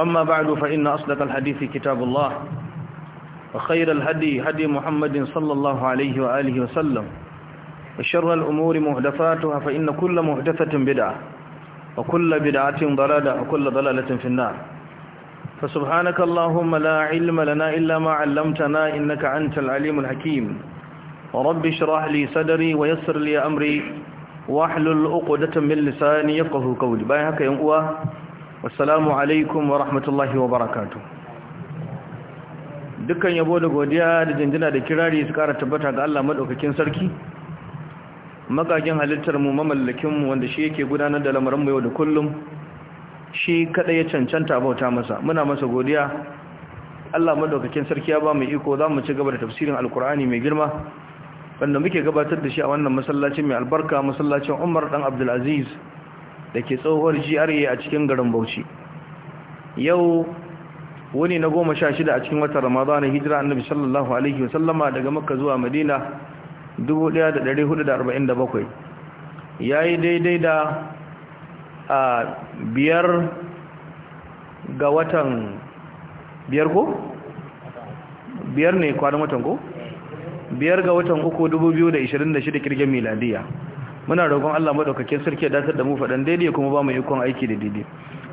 أما بعد فإن أصدق الحديث كتاب الله وخير الهدي هدي محمد صلى الله عليه وآله وسلم وشر الأمور مهدفاتها فإن كل مهدفة بدعة وكل بدعة ضلالة وكل ضلالة في النار فسبحانك اللهم لا علم لنا إلا ما علمتنا إنك أنت العليم الحكيم ورب اشرح لي صدري ويسر لي أمري واحلل عقدة من لساني يفقهوا قولي باي هكا ينقوا Wasalamu alaikum wa rahmatullahi wa barakatu dukkan yabo da godiya da jinjina da kirari su kara tabbata ga Allah madaukakin sarki magagin halittar mu mamallakin mu wanda shi yake gudanar da lamarin mu yau da kullum shi kada ya cancanta bauta masa muna masa godiya Allah madaukakin sarki ya ba mu iko za mu ci gaba da tafsirin alkur'ani mai girma wanda muke gabatar da shi a wannan masallacin mai albarka masallacin Umar dan Abdul Aziz da ke tsohuwar GRA a cikin garin Bauchi yau wani na goma sha shida a cikin watan Ramadana hijira annabi sallallahu alaihi wasallama daga Makka zuwa Madina 1447 yayi daidai da a biyar ga watan biyar ko biyar ne kwanan watan ko biyar ga watan uku 2026 kirgin miladiya muna roƙon Allah madaukakin sarki ya datar da mu faɗan daidai kuma ba mu ikon aiki da daidai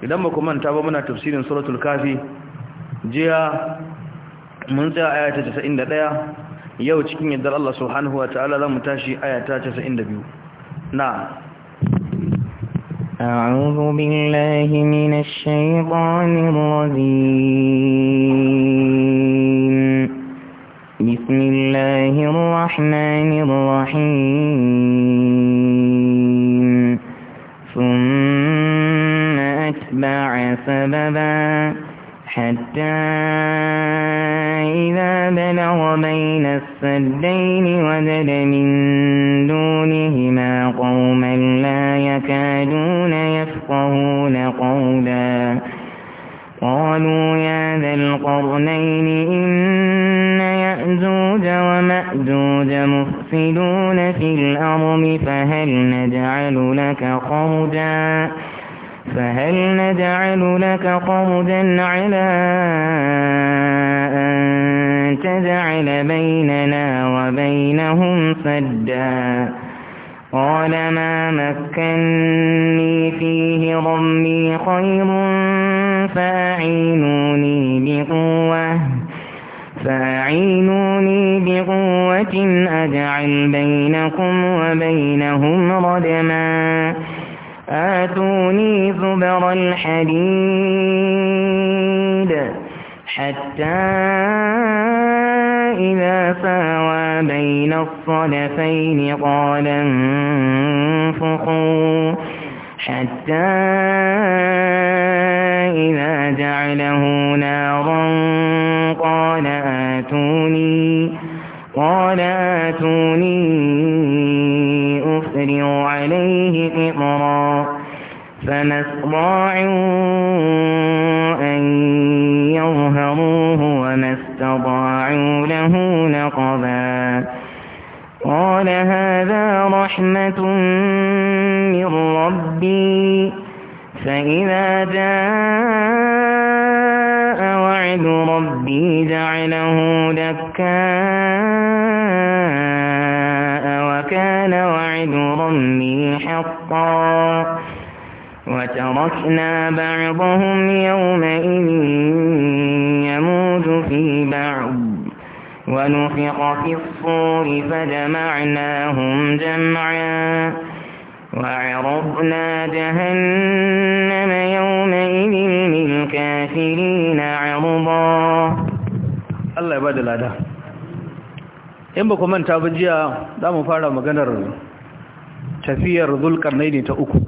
idan ba ku manta ba muna tafsirin suratul kafi jiya mun tsaya aya ta 91 yau cikin 'yaddar Allah subhanahu wa ta'ala za mu tashi aya ta 92 na أعوذ بالله من الشيطان الرجيم بسم الله الرحمن الرحيم ثم أتبع سببا حتى إذا بلغ بين السدين وجد من دونهما قوما لا يكادون يفقهون قولا قالوا يا ذا القرنين إن ويأجوج ومأجوج مفسدون في الأرض فهل نجعل لك خرجا فهل نجعل لك خرجا على أن تجعل بيننا وبينهم سدا قال ما مكني فيه ربي خير فأعينوا رحمة أجعل بينكم وبينهم ردما آتوني زبر الحديد حتى إذا فاوى بين الصدفين قال انفخوا حتى إذا جعله قال آتوني أفرغ عليه إقرا فما استطاعوا أن يظهروه وما استطاعوا له نقبا قال هذا رحمة من ربي فإذا جاء وتركنا بعضهم يومئذ يموج في بعض ونفق في الصور فجمعناهم جمعا وعرضنا جهنم يومئذ للكافرين عرضا الله يبعد الأداء in ba ku manta ba jiya za mu fara maganar tafiyar zulkar naini ta uku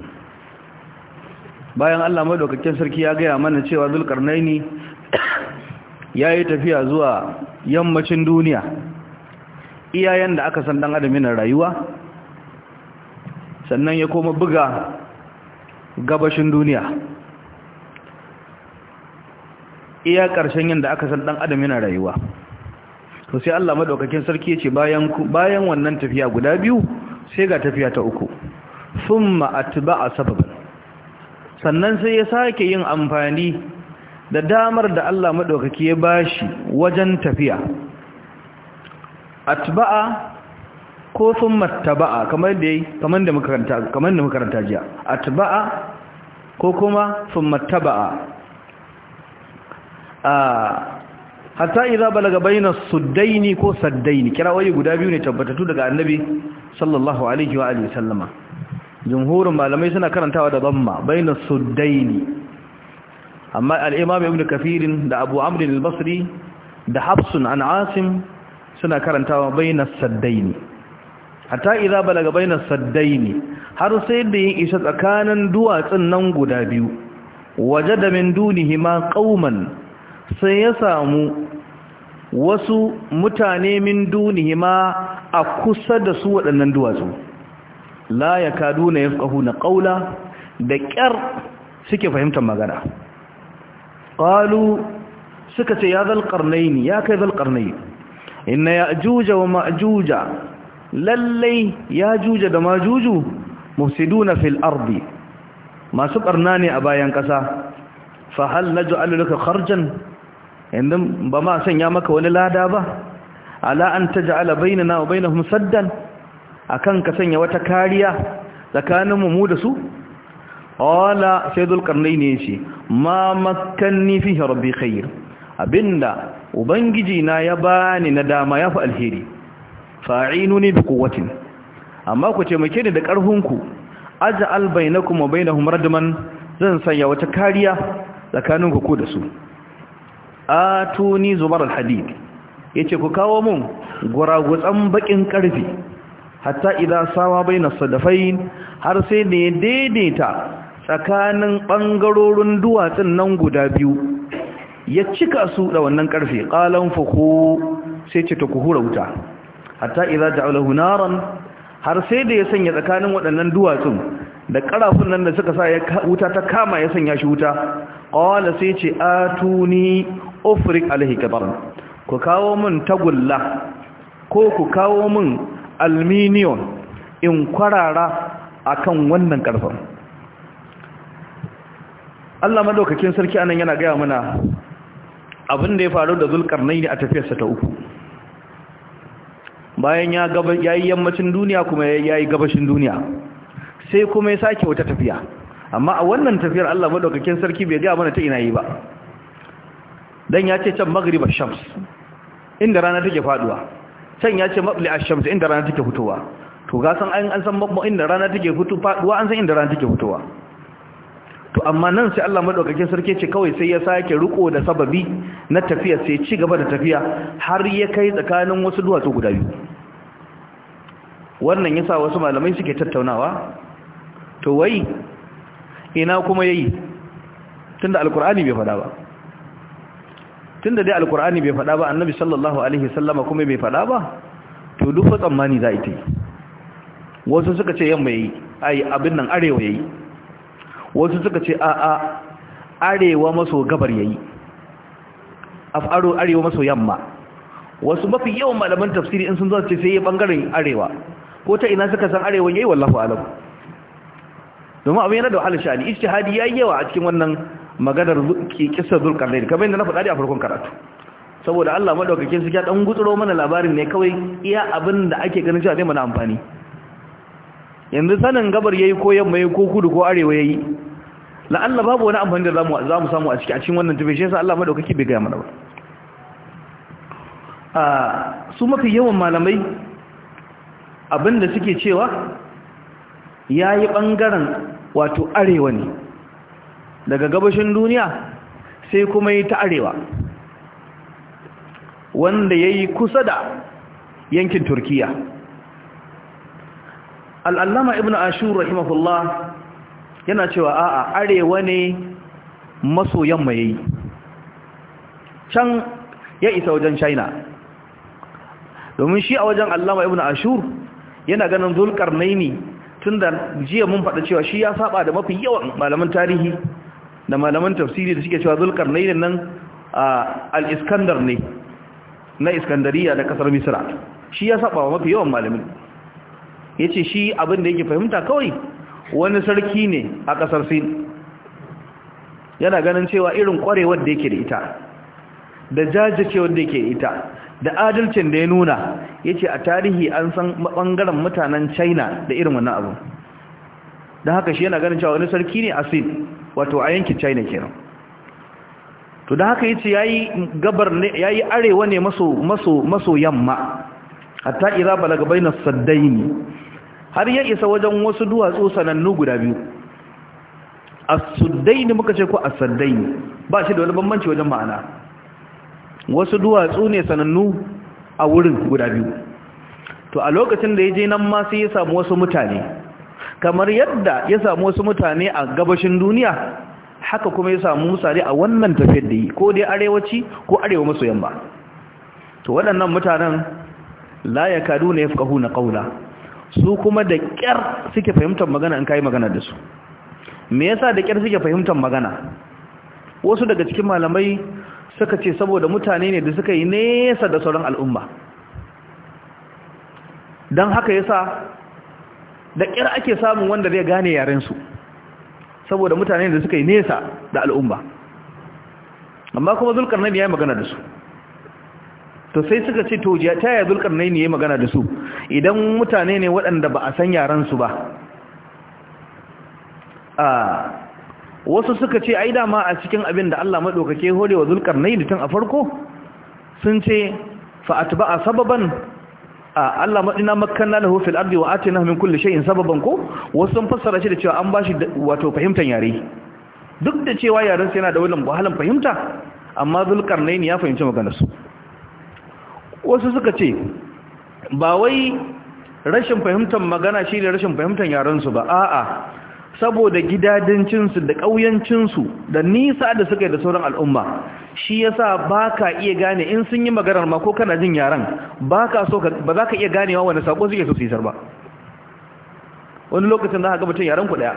bayan Allah madaukakin sarki ya gaya mana cewa zulkarnaini ya yi tafiya zuwa yammacin duniya iyayen da aka san dan adam yana rayuwa sannan ya koma buga gabashin duniya iya ƙarshen yadda aka san dan adam yana rayuwa to sai Allah madaukakin sarki ya ce bayan bayan wannan tafiya guda biyu sai ga tafiya ta uku thumma atba'a sabab sannan sai ya sake yin amfani da damar da Allah maɗaukaki ya bashi wajen tafiya atba'a ko sun mattaba'a kamar da yi makaranta jiya atba'a ko kuma sun mattaba'a a hatta idza balaga baina suddaini ko saddaini Kira waye guda biyu ne tabbatattu daga annabi sallallahu alaihi wa alihi sallama jumhurin malamai suna karantawa da zamma bainas suddaini amma al ibn kafirin da abu amr al-basri da hafsun an asim suna karantawa bainas saddaini hatta idza balaga bainas saddaini har sai da ya isa tsakanin duwatsun nan guda biyu waje da min ma ƙauman sai ya samu wasu mutane min ma a kusa da su waɗannan duwatsu la ya kadu na yafkahu na ƙaula da ƙyar suke fahimtar magana ƙalu suka ce ya zalƙarnai ne ya kai zalƙarnai inna ya juja wa ma'ajuja lallai ya juja da majuju Musiduna fil ardi masu ɓarna ne a bayan ƙasa fahal na ju'alu laka kharjan inda ba ma sanya maka wani lada ba ala an taj'ala bainana na bainahum saddan akan ka sanya wata kariya tsakanin mu da su wala sai dulkarnai ne ce ma makanni fi rabbi khair abinda ubangiji na ya bani na dama ya fi alheri fa'inuni bi quwwatin amma ku ce muke ni da karfinku aj'al bainakum wa bainahum radman zan sanya wata kariya tsakanin ku ko da su atuni zubar alhadid yace ku kawo mun guragutsan bakin karfi hatta idan sawa bai na sadafai har sai da ya daidaita tsakanin ɓangarorin duwatsun nan guda biyu ya cika su da wannan ƙarfe ƙalan fuhu sai ce ta kuhura wuta hatta idan aula naran har sai da ya sanya tsakanin waɗannan duwatsun da ƙarafin nan da suka sa ya wuta ta kama ya sanya shi wuta ƙwala sai ce atuni tuni ofirik alhikabar ku kawo min tagulla ko ku kawo min alminiyon in kwarara akan wannan karfin Allah madaukakin sarki anan yana gaya mana abin da ya faru da ne a tafiyarsa ta uku bayan ya yi yammacin duniya kuma yayi gabashin duniya sai kuma ya sake wata tafiya amma a wannan tafiyar Allah madaukakin sarki bai gaya mana ta ina yi ba dan ya ce can magariba shams inda rana take faduwa can ya ce maɓli a shamsu inda rana take fitowa to ga san an san mabma inda rana take fito faduwa an san inda rana take fitowa to amma nan sai Allah madaukakin sarki ce kawai sai ya sake riko da sababi na tafiya sai ci gaba da tafiya har ya kai tsakanin wasu duwatsu guda biyu wannan yasa wasu malamai suke tattaunawa to wai ina kuma yayi tunda alkur'ani bai faɗa ba Tun da dai alkur'ani bai faɗa ba annabi sallallahu alaihi sallama kuma bai faɗa ba to duk fa tsammani za a yi wasu suka ce yamma yi. ai abin nan arewa yayi wasu suka ce a a arewa maso gabar yayi afaro arewa maso yamma wasu mafi yawan malaman tafsiri in sun zo ce sai ya bangaren arewa ko ta ina suka san arewa yayi wallahi alam domin abin yana da wahalar sha'ani ijtihadi yayi yawa a cikin wannan maganar kisar zulkarnain kamar yadda na faɗa a farkon karatu saboda Allah maɗaukakin su ya ɗan gutsuro mana labarin ne kawai iya abin da ake ganin cewa zai mana amfani yanzu sanin gabar ya yi ko yamma yayi ko kudu ko arewa ya yi la'alla babu wani amfani da zamu mu samu a ciki a cikin wannan tafi shi yasa Allah madaukaki bai gaya mana ba su mafi yawan malamai abinda suke cewa ya yi ɓangaren wato arewa ne daga gabashin duniya sai kuma yi ta arewa wanda ya yi kusa da yankin turkiya al'allama ibn ashur rahimahullah yana cewa a arewa ne maso yamma ya yi can ya isa wajen china domin shi a wajen allama ibn ashur yana ganin zulkar naini tun da jiya mun faɗa cewa shi ya saba da mafi yawan malaman tarihi da malaman tafsiri da suke cewa zulkarnain nan al-iskandar ne na iskandariya da kasar misra shi ya saba mafi yawan malamin Ya ce shi abin da yake fahimta kawai wani sarki ne a kasar sin yana ganin cewa irin kwarewar da yake da ita da jajircewar da yake ita da adalcin da ya nuna ya ce a tarihi an san bangaren mutanen china da irin wannan abu Da haka shi yana ganin cewa wani sarki ne a sin wato a yankin china kenan to da haka yace yayi gabar ne yayi arewa ne maso maso maso yamma hatta idza balaga bainas saddaini har ya isa wajen wasu duwatsu sanannu guda biyu as-saddaini muka ce ko as-saddaini ba shi da wani bambanci wajen ma'ana wasu duwatsu ne sanannu a wurin guda biyu to a lokacin da ya je nan ma sai ya samu wasu mutane kamar yadda ya samu wasu mutane a gabashin duniya haka kuma ya samu misali a wannan tafiyar da yi ko dai arewaci ko arewa maso yamma to waɗannan mutanen la ya kadu na ya fi na ƙaula su kuma da ƙyar suke fahimtar magana in kayi magana da su me yasa da ƙyar suke fahimtar magana wasu daga cikin malamai suka ce saboda mutane ne da suka yi nesa da sauran al'umma don haka yasa da ƙyar ake samun wanda zai gane yarensu saboda mutane da suka yi nesa da al'umma amma kuma zulkarnaini ya yi magana da su to sai suka ce to ta yaya zulkarnaini ya yi magana da su idan mutane ne waɗanda ba a san yarensu ba wasu suka ce ai dama a cikin abin da Allah maɗaukake hore wa zulkar zulkarnaini tun a farko sun ce atba'a sababan Ah, Allah madina makkanna lahu fil ardi wa atina min kulli shay'in sababan ko wasu sun fassara shi da cewa an bashi wato fahimtar yare duk da cewa yaren sa yana da wannan wahalan fahimta amma zulkarnain ya fahimci maganar su wasu suka ce ba wai rashin fahimtar magana shi ne rashin fahimtar yaren su ba a'a saboda gidajencinsu da ƙauyancinsu da nisa da suka yi da sauran al'umma shi yasa ba ka iya gane in sun yi maganar ma ko kana jin yaran ba ka so ba za ka iya ganewa wani sako suke so su isar ba wani lokacin za ka ga yaran ku daya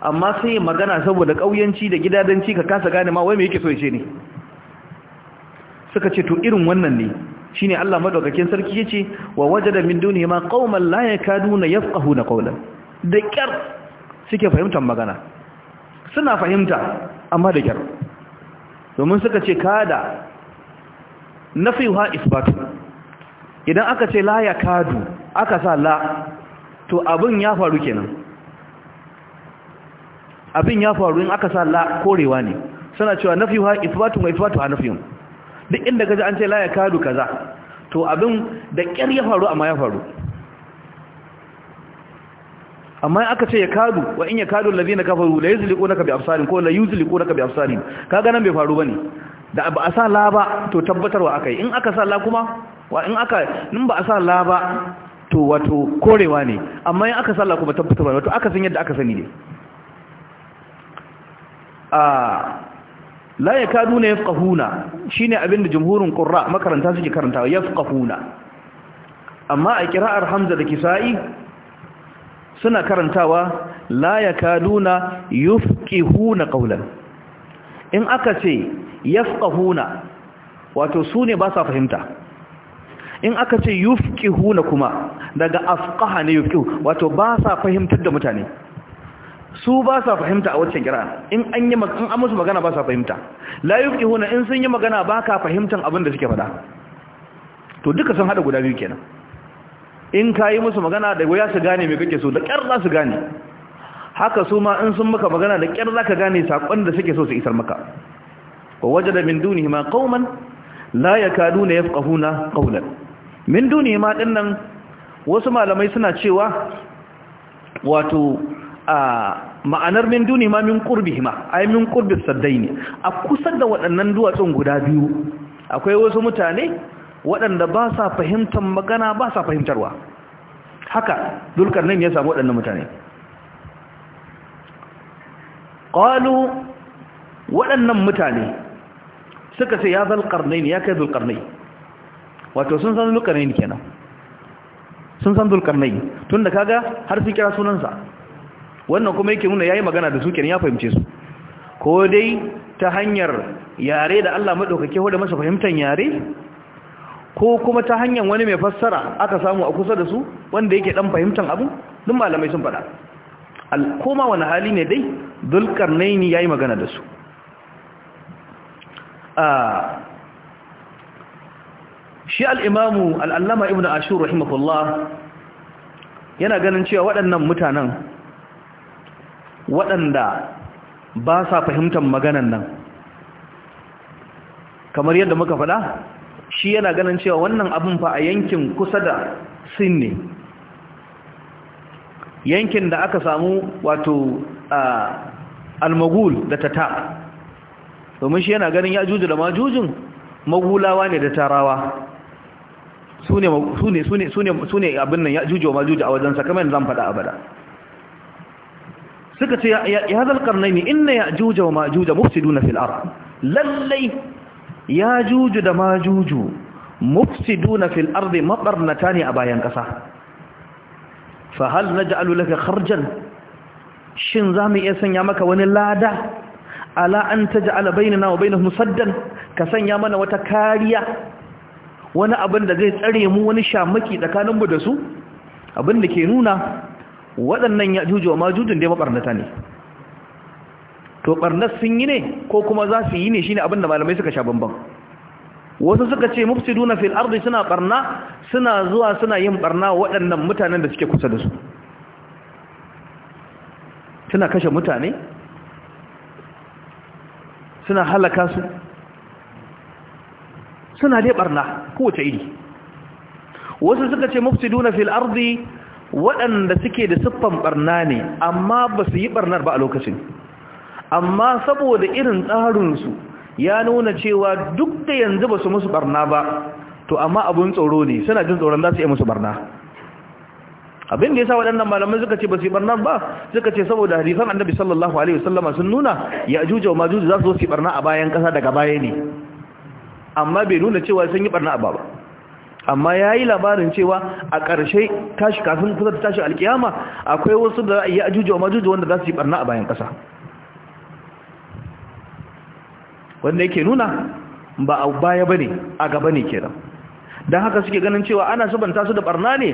amma sai magana saboda ƙauyanci da gidajenci ka kasa gane ma wai mai yake so ya ce ne suka ce to irin wannan ne shi ne Allah madaukakin sarki ce wa waje min duniya ma ya la yakaduna na ƙaunar da kyar suke fahimtar magana suna fahimta amma da kyar domin suka ce kada na fi wa isbatu idan aka ce la ya kadu aka sa la to abin ya faru kenan abin ya faru in aka sa la korewa ne suna cewa na fi wa isbatu mai isbatu ha nafiyun duk inda gaji an ce la ya kadu kaza to abin da kyar ya faru amma ya faru amma aka ce ya kadu wa in ya kadu allazina kafaru la yuzliqunaka bi absarin ko la yuzliqunaka bi absarin kaga nan bai faru bane da ba a sa la ba to tabbatarwa akai in aka sa la kuma wa in aka in ba a sa la ba to wato korewa ne amma in aka sa la kuma tabbatarwa wato aka san yadda aka sani ne a la ne yafqahuna shine abinda jumhurun qurra makaranta suke karantawa yafqahuna amma a kira'ar hamza da kisa'i suna karantawa la yakaduna yufqihuna qawlan in aka ce yafqahuna wato su ne ba sa fahimta in aka ce yufqihuna kuma daga afqaha ne yufqihu wato ba sa fahimtar da mutane su ba sa fahimta a wacce kira in an yi an musu magana ba sa fahimta la yufqihuna in sun yi magana ba ka fahimtan abin da suke faɗa to duka sun hada guda biyu kenan in ka yi musu magana da ya su gane mai kake so da ƙyar za su gane haka su ma in sun maka magana da ƙyar za ka gane saƙon da suke so su isar maka ko waje da min duni ma ƙauman la ya kadu na ya fi na ƙaunar min duni ma ɗin nan wasu malamai suna cewa wato a ma'anar min duni ma min ƙurbi ma ai min ƙurbi saddai ne a kusa da waɗannan duwatsun guda biyu akwai wasu mutane waɗanda ba sa fahimtar magana ba sa fahimtarwa haka dulkar nan ya samu waɗannan mutane ƙwalu waɗannan mutane suka ce ya ne ya kai dulkarnai wato sun san ne kenan sun san dulkarnai tun da kaga har sun kira sunansa wannan kuma yake nuna ya yi magana da su kenan ya fahimce su ko dai ta hanyar yare da Allah maɗaukake wadda masa fahimtar yare ko kuma ta hanyar wani mai fassara aka samu a kusa da su wanda yake dan fahimtar abu duk malamai sun faɗa koma wani hali ne dai Dulkar ya yi magana da su shi al'imamu al'allama ibn ashur rahimahullah yana ganin cewa waɗannan mutanen waɗanda ba sa fahimtar maganan nan kamar yadda muka faɗa shi yana ganin cewa wannan abin fa a yankin kusa da sin ne yankin da aka samu wato almagul da tata domin shi yana ganin ya juju da majujin magulawa ne da tarawa su ne abin nan ya juju wa majuju a wajen sakamakon zan faɗa abada suka ce ya zalkar na ne inna ya juju wa majuju mufsiduna na fil'ar lallai ya juju da ma juju mufsiduna fil ardi mabarnata ne a bayan ƙasa fa hal naj'alu laka kharjan shin zamu iya sanya maka wani lada ala an taj'ala bainana wa bainahum saddan ka sanya mana wata kariya wani abin da zai tsare mu wani shamaki tsakaninmu da su abin da ke nuna waɗannan ya juju majujun dai mabarnata ne to barnar sun yi ne ko kuma za su yi ne shine abin da malamai suka sha bambam? wasu suka ce mufsiduna fil ardi suna barna suna zuwa suna yin barna waɗannan mutanen da suke kusa da su suna kashe mutane suna halaka su suna dai barna kowace iri wasu suka ce mufsiduna fil ardi waɗanda suke da siffan barna ne amma ba su yi barnar ba a lokacin amma saboda irin tsarinsu ya nuna cewa duk da yanzu ba su musu barna ba to amma abun tsoro ne suna jin tsoron za su yi musu barna abin da ya sa waɗannan malamai suka ce ba su yi barna ba suka ce saboda hadisan annabi sallallahu alaihi wasallama sun nuna ya ajuja wa majuji za su yi barna a bayan ƙasa daga baya ne amma bai nuna cewa sun yi barna a ba amma ya yi labarin cewa a ƙarshe tashi kafin kusa tashi alkiyama akwai wasu da ya ajuja wa majuju wanda za su yi barna a bayan ƙasa wanda yake nuna ba a baya ba ne a gaba ne kenan don haka suke ganin cewa ana sabanta su da barna ne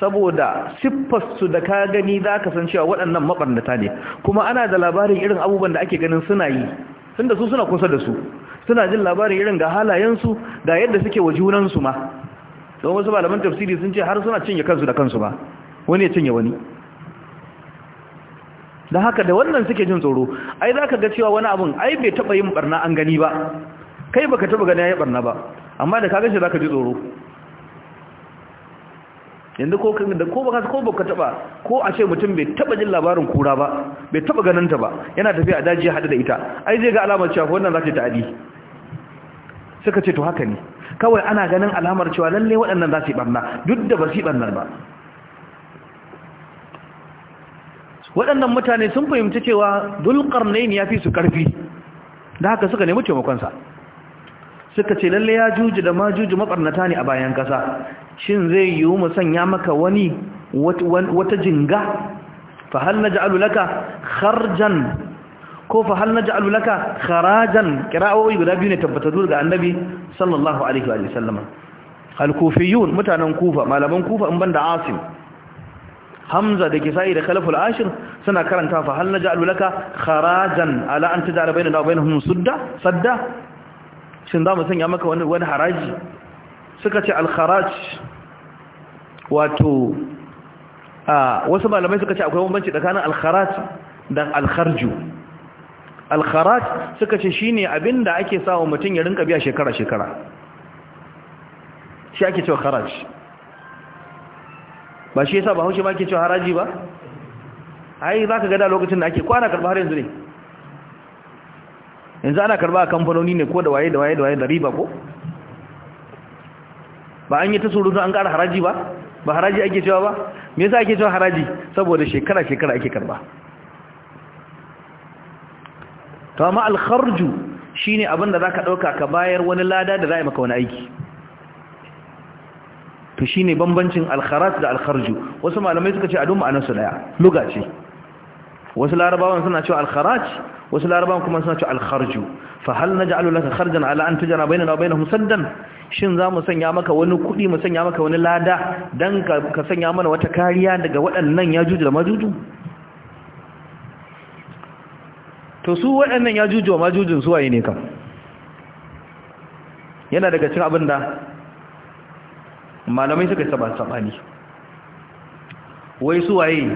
saboda siffarsu da ka gani za ka san cewa waɗannan maɓarnata ne kuma ana da labarin irin abubuwan da ake ganin suna yi sun da su suna kusa da su suna jin labarin irin ga halayensu ga yadda suke wa junansu ma don wasu malaman tafsiri sun ce har suna cinye kansu da kansu ba wani ya cinye wani da haka da wannan suke jin tsoro ai za ka ga cewa wani abun ai bai taɓa yin barna an gani ba kai baka taɓa gani yayin barna ba amma da ka gashi za ka ji tsoro yanda ko da ko baka ko baka taba ko a ce mutum bai taba jin labarin kura ba bai taba ganin ta ba yana tafiya a daji ya da ita ai zai ga alamar cewa wannan za ta ta'adi suka ce to haka ne kawai ana ganin alamar cewa lalle waɗannan za su yi barna duk da ba su yi barnar ba waɗannan mutane sun fahimci cewa ne ya fi su ƙarfi da haka suka nemi taimakonsa suka ce lalle ya juji da majuji maɓarnata ne a bayan ƙasa shin zai yiwu mu sanya maka wani wata jinga fahal na ja'alu laka kharjan ko fahal na ja'alu laka kharajan kira'o'i guda biyu ne tabbatattu daga annabi sallallahu alaihi wa mutanen kufa malaman kufa in banda asim hamza da kisa'i da kalaful ashir suna karanta fa hal naj'alu laka kharajan ala an taj'ala da wa bainahum sudda sadda shin za mu sanya maka wani wani haraji suka ce al kharaj wato a wasu malamai suka ce akwai bambanci tsakanin al kharaj da al kharju al kharaj suka ce shine abinda ake sawa mutum ya rinka biya shekara shekara shi ake cewa kharaj ba shi yasa ba haushi ma ke cewa haraji ba ai za ka gada lokacin da ake kwana karba har yanzu ne yanzu ana karba a kamfanoni ne ko da waye da waye da waye da riba ko ba an yi ta surutu an ƙara haraji ba ba haraji ake cewa ba me yasa ake cewa haraji saboda shekara shekara ake karba to amma al-kharju shine abinda zaka dauka ka bayar wani lada da za a yi maka wani aiki to shi ne bambancin al da al wasu malamai suka ce a duma anan su daya luga ce wasu larabawan suna cewa al wasu larabawan kuma suna cewa al fa hal naj'alu laka kharjan ala an tajra bainana wa bainahum saddan shin za mu sanya maka wani kudi mu sanya maka wani lada dan ka sanya mana wata kariya daga waɗannan yajuju da majuju to su waɗannan yajuju da majujun su waye ne kam yana daga cikin abin da malamai suka saba sabani wai su waye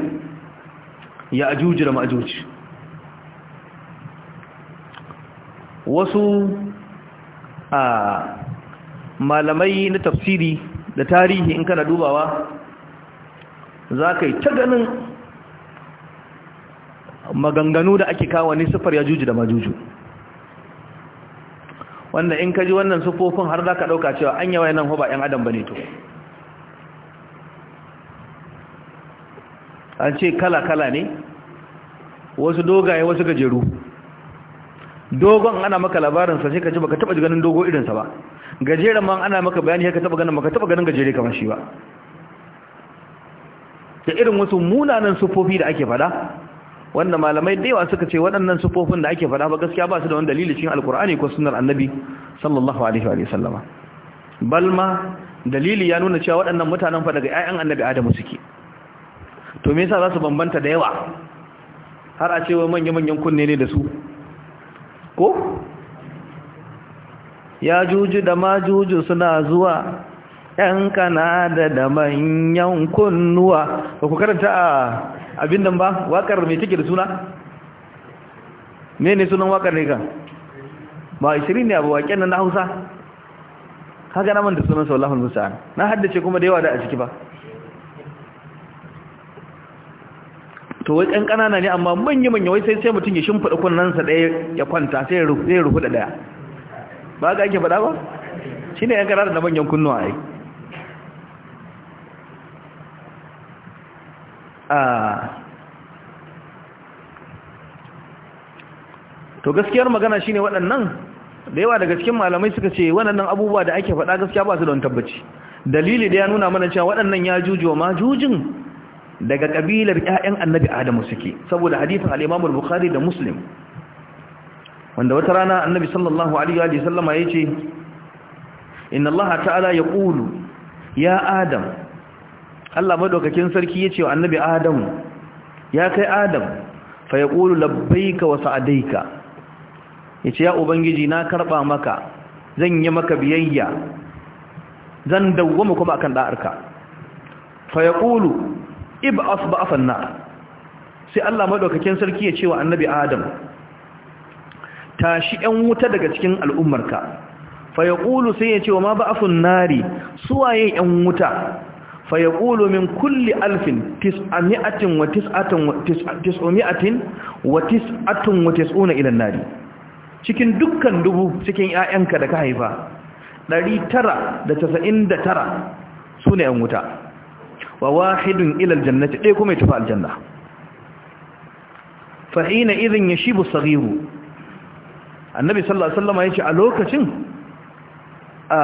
ya ajuji da ma'ajuji wasu a malamai na tafsiri da tarihi in kana dubawa za ka yi ta ganin maganganu da ake kawo ne siffar ya juji da majuju wanda in ka ji wannan sufofin har za ka ɗauka cewa an yawa nan ba 'yan adam ba ne to an ce kala-kala ne wasu dogaye wasu gajeru dogon ana maka labarinsa sai ka ji baka taba ganin dogo irinsa ba gajeren ma ana maka bayani ka taba ganin baka taba ganin gajere kamar shi ba da irin wasu munanan sufofi da ake fada wanda malamai da yawa suka ce waɗannan sufofin da ake faɗa ba gaskiya ba su da wani dalili cikin alkur'ani ko sunnar annabi sallallahu alaihi wa sallama balma dalili ya nuna cewa waɗannan mutanen fa daga ƴaƴan annabi adamu suke to me yasa za su bambanta da yawa har a cewa manya-manyan kunne ne da su ko ya juju da ma juju suna zuwa ƴan kanada da manyan kunnuwa ba ku karanta a abin nan ba wakar mai take da suna me ne sunan wakar ne ka ba 20 ne abu waken nan na hausa kaga na man da sunan sallahu alaihi wasallam na haddace kuma da yawa da a ciki ba to wai kankanana ne amma manya manya wai sai sai mutum ya shimfida sa ɗaya ya kwanta sai ya rufe da ɗaya ba ga yake faɗa ba shine yan karara da manyan kunnuwa ai to gaskiyar magana shine waɗannan da yawa daga cikin malamai suka ce waɗannan abubuwa da ake faɗa gaskiya ba su don tabbaci dalili da ya nuna mana cewa waɗannan ya jujuwa ma jujin daga ƙabilar ƴaƴan annabi adamu suke saboda hadisin alimamul, imamu da muslim wanda wata rana annabi sallallahu alaihi wa sallama yace inna allaha ta'ala ƙulu, ya adam Allah madaukakin sarki yace wa annabi Adam ya kai Adam fa yaqulu labbaika wa sa'daika yace ya ubangiji na karba maka zan yi maka biyayya zan dawwama kuma akan da'arka fa yaqulu ib'as ba'san nar sai Allah madaukakin sarki yace wa annabi Adam tashi ɗan wuta daga cikin al'ummarka, fa ya sai ya ce wa ma ba nari suwaye ɗan wuta, fa yaqulu min kulli alfin tis'ami'atin wa tis'atan wa wa tis'atun wa tis'una ila an cikin dukkan dubu cikin ƴaƴanka da ka haifa 999 sune yan wuta wa wahidun ila al-jannati dai kuma ya tafi aljanna fa hina idhin yashibu as-saghiru annabi sallallahu alaihi wasallam yace a lokacin a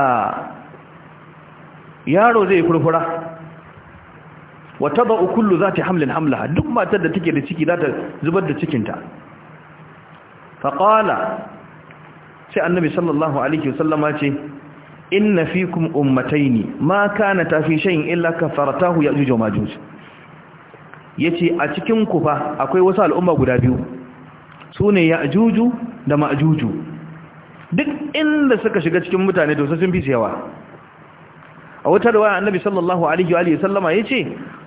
yaro zai furfura wa tadau kullu zati hamlin hamla, duk matar da take da ciki za ta zubar da cikinta Faƙala sai annabi sallallahu alaihi wasallama ce inna ummatai ne ma kana tafi shay'in illa kafaratahu ya'juj wa Ya ce a cikin kufa fa akwai wasu al'umma guda biyu sune ya'juju da maajuju duk inda suka shiga cikin mutane to sun fi yawa a wata da waya, annabi sallallahu alaihi wa sallama ce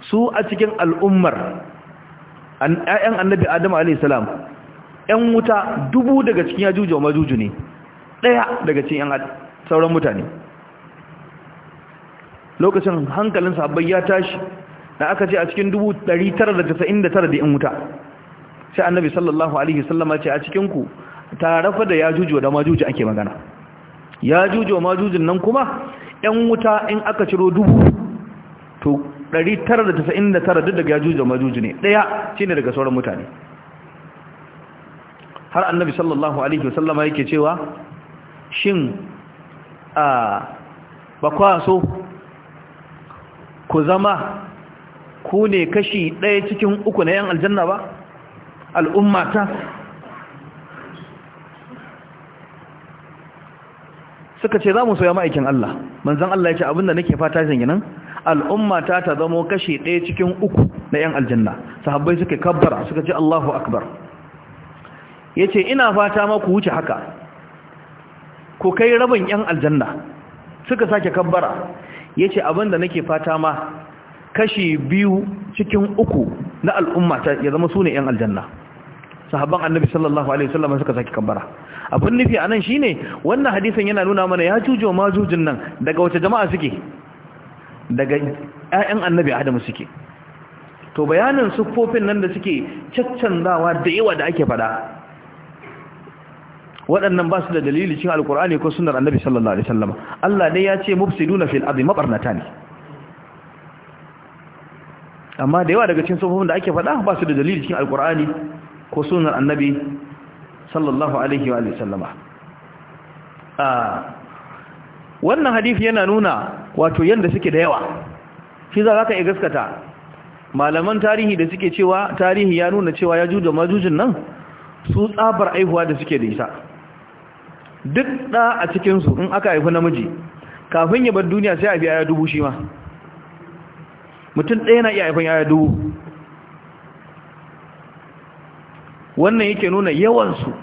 su a cikin al'ummar an ayyan annabi adam alaihi salam yan wuta dubu daga cikin wa majuju ne daya daga cikin yan sauran mutane lokacin hankalin sahabbai ya tashi da aka ce a cikin dubu 999 da yan wuta sai annabi sallallahu alaihi sallama ce a cikin ku tarafa da yajuju da majuju ake magana ya jujo ma jujin nan kuma yan wuta in aka ciro dubu to 999 duk daga ya jujo ma juji ne daya shine daga sauran mutane har annabi sallallahu alaihi wasallama yake cewa shin a so ku zama ku ne kashi ɗaya cikin uku na yan aljanna ba al'ummata suka ce za mu soya ma'aikin Allah manzan Allah ya ce abinda nake fata shi nan al'umma ta ta zamo kashi ɗaya cikin uku na 'yan aljanna sahabbai suka kabbara suka ce Allahu akbar ya ce ina fata ma ku wuce haka ku kai rabin 'yan aljanna suka sake kabbara ya ce abinda nake fata ma kashi biyu cikin uku na al'umma ya zama su ne 'yan aljanna sahabban annabi sallallahu alaihi wasallam suka saki kambara, abin nufi anan shine wannan hadisin yana nuna mana ya jujo majujin nan daga wace jama'a suke daga ƴaƴan annabi adamu suke to bayanin siffofin nan da suke caccanzawa da yawa da ake fada waɗannan ba su da dalili cikin alkur'ani ko sunnar annabi sallallahu alaihi wasallam Allah ne ya ce mufsiduna fil ardi mabarnata ne amma da yawa daga cikin sufofin da ake faɗa ba su da dalili cikin alkur'ani ko sunan annabi sallallahu alaihi wa sallama wannan hadisi yana nuna wato yadda suke da yawa shi za ka iya gaskata malaman tarihi da suke cewa tarihi ya nuna cewa ya juja majujin nan su tsabar aihuwa da suke da isa duk da a cikinsu in aka haifi namiji kafin ya bar duniya sai a biya ya dubu shi ma mutum ɗaya na iya haifin ya dubu wannan yake nuna yawansu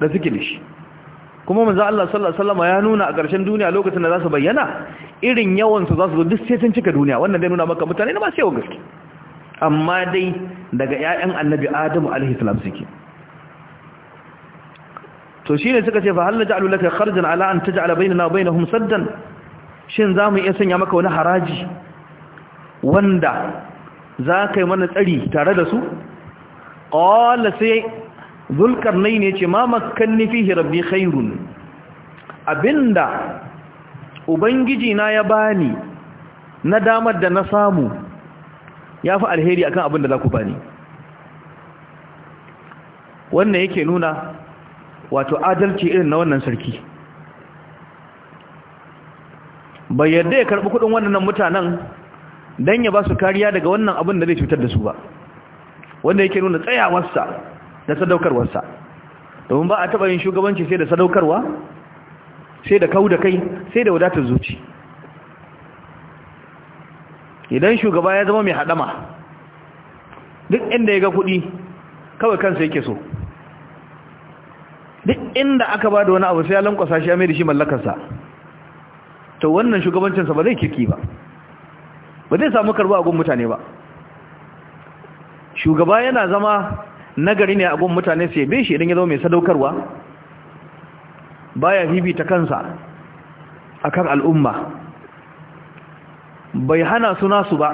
da suke da shi kuma manzo Allah sallallahu alaihi wasallam ya nuna a ƙarshen duniya lokacin da za su bayyana irin yawansu za su zo duk sai sun cika duniya wannan dai nuna maka mutane ne ba sai gaske amma dai daga ƴaƴan annabi Adamu alaihi salam suke to shine suka ce fa hal ja'alu laka kharjan ala an taj'ala bainana wa bainahum saddan shin zamu iya sanya maka wani haraji wanda za ka yi mana tsari tare da su qala sai ne yace ma makkanni nufi rabbi khairun abinda ubangiji na ya bani na damar da na samu ya fi alheri akan abin da za ku bani wannan yake nuna wato adalci irin na wannan sarki bai yarda ya karɓi kuɗin wannan mutanen don ya ba su kariya daga wannan abin da zai cutar da su ba wanda yake nuna tsayawarsa da sadaukarwarsa domin ba a taɓa yin shugabanci sai da sadaukarwa sai da kawo da kai sai da wadatar zuci idan shugaba ya zama mai haɗama duk inda ya ga kuɗi kawai kansa yake so duk inda aka ba da wani abu sai ya lankwasa shi ya mai da shi mallakarsa to wannan shugabancinsa ba zai kirki ba ba zai samu karba a gun mutane ba shugaba yana zama nagari ne a gun mutane sai yabe shi idan ya zama mai sadaukarwa baya ta kansa akan al'umma bai hana su nasu ba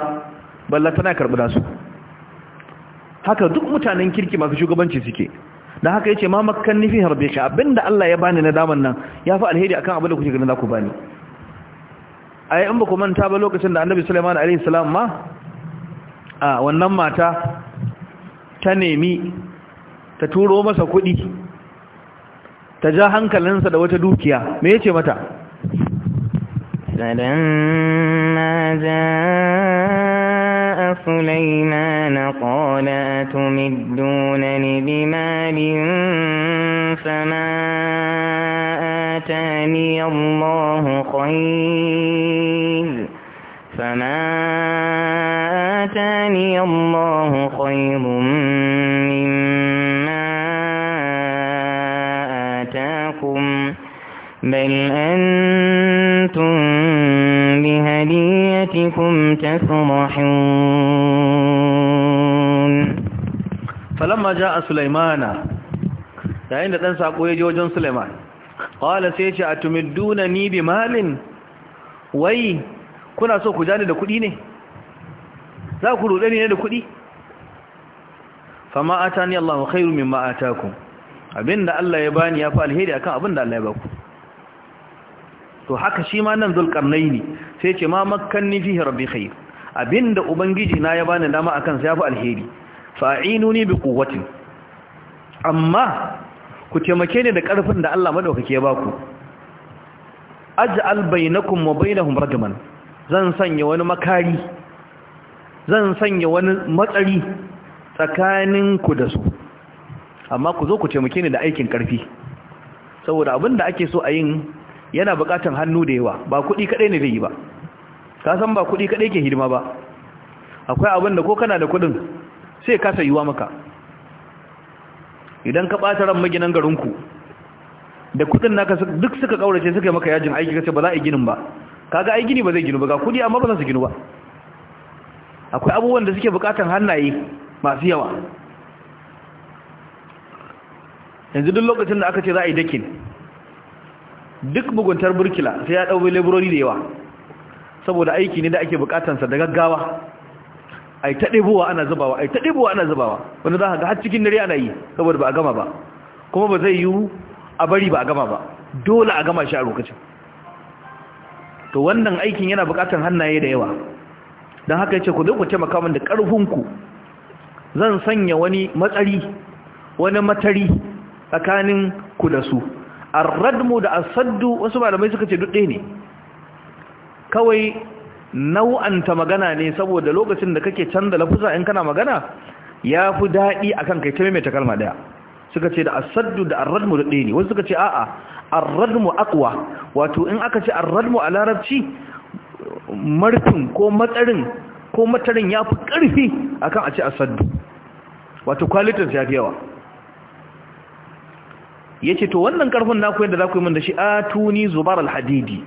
balla tana karbi nasu haka duk mutanen kirki masu shugabanci suke da haka yace ma makkan nifi harbe ka abinda Allah ya bani na daman nan yafi alheri akan abin da kuke ganin zaku bani ai in ba ku manta ba lokacin da Annabi Sulaiman alaihi salam ma a wannan mata ta nemi ta turo masa kuɗi ta ja hankalinsa da wata dukiya me ya ce mata فلما جاء na قال ma biyun sama. falamma ja'a sulaimana yayin da dan sako ya je wajen sulaiman qala sai ce atumiduna ni bi malin wai kuna so ku jani da kudi ne za ku rude ne da kudi fama atani Allahu khairu mimma atakum abinda Allah ya bani yafi alheri akan abinda Allah ya baku to haka shi ma nan zulqarnaini sai ce ma makkanni fihi rabbi khair abinda ubangiji na ya bani dama akan sai yafi alheri fa'inuni bi quwwatin amma ku taimake ni da ƙarfin da Allah madaukake ya baku aj'al bainakum wa bainahum rajman zan sanya wani makari zan sanya wani matsari tsakaninku da su amma ku zo ku taimake ni da aikin ƙarfi saboda abin da ake so a yin yana buƙatar hannu da yawa ba kuɗi kaɗai ne zai yi ba kasan ba kuɗi kaɗai ke hidima ba akwai abin da ko kana da kuɗin sai kasa yiwa maka idan ka ɓata ran maginan garinku da kudin naka duk suka kaurace suka yi maka yajin aiki kace ba za a yi ginin ba kaga ai gini ba zai ginu ba ga kudi amma ba za su ginu ba akwai abubuwan da suke bukatan hannaye masu yawa yanzu duk lokacin da aka ce za a yi dakin duk buguntar burkila sai ya ɗaube laborori da yawa saboda aiki ne da ake bukatansa da gaggawa ai ta ɗebowa ana zubawa ai ta ɗebowa ana zubawa wanda za ka ga har cikin dare ana yi saboda ba a gama ba kuma ba zai yiwu a bari ba a gama ba dole a gama shi a lokacin to wannan aikin yana buƙatar hannaye da yawa don haka yace ku zo ku taimaka min da ku zan sanya wani matsari wani matari tsakanin ku da su arradmu da asaddu wasu malamai suka ce duk ɗaya ne kawai nau'anta magana ne saboda lokacin da kake canza lafuza in kana magana ya fi daɗi a kan kai ta maimaita kalma ɗaya suka ce da asaddu da arradmu da ɗaya ne wasu suka ce a'a arradmu akwa wato in aka ce arradmu a larabci marfin ko matsarin ko matsarin ya fi ƙarfi a kan a ce asaddu wato kwalitinsa ya fi yawa ya ce to wannan ƙarfin naku yadda za ku yi min da shi a tuni zubar alhadidi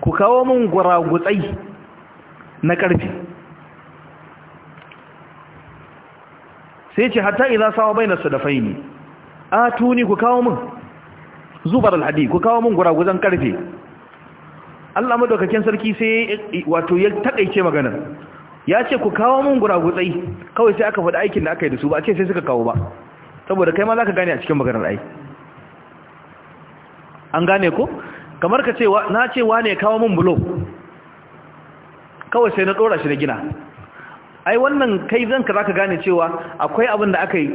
ku kawo min guragutsai na ƙarfi sai ce hatta idan sawa bai na sadafai ne a tuni ku kawo min zubar alhadi ku kawo min guraguzan ƙarfe Allah madaukakin sarki sai wato ya taƙaice maganar ya ce ku kawo min guragutsai kawai sai aka faɗi aikin da aka yi da su ba a ce sai suka kawo ba saboda kai ma za ka gane a cikin maganar ai an gane ko kamar ka ce na ce wane ya kawo min bulo kawai sai na tsora shi da gina ai wannan kai zanka zaka gane cewa akwai abin da aka yi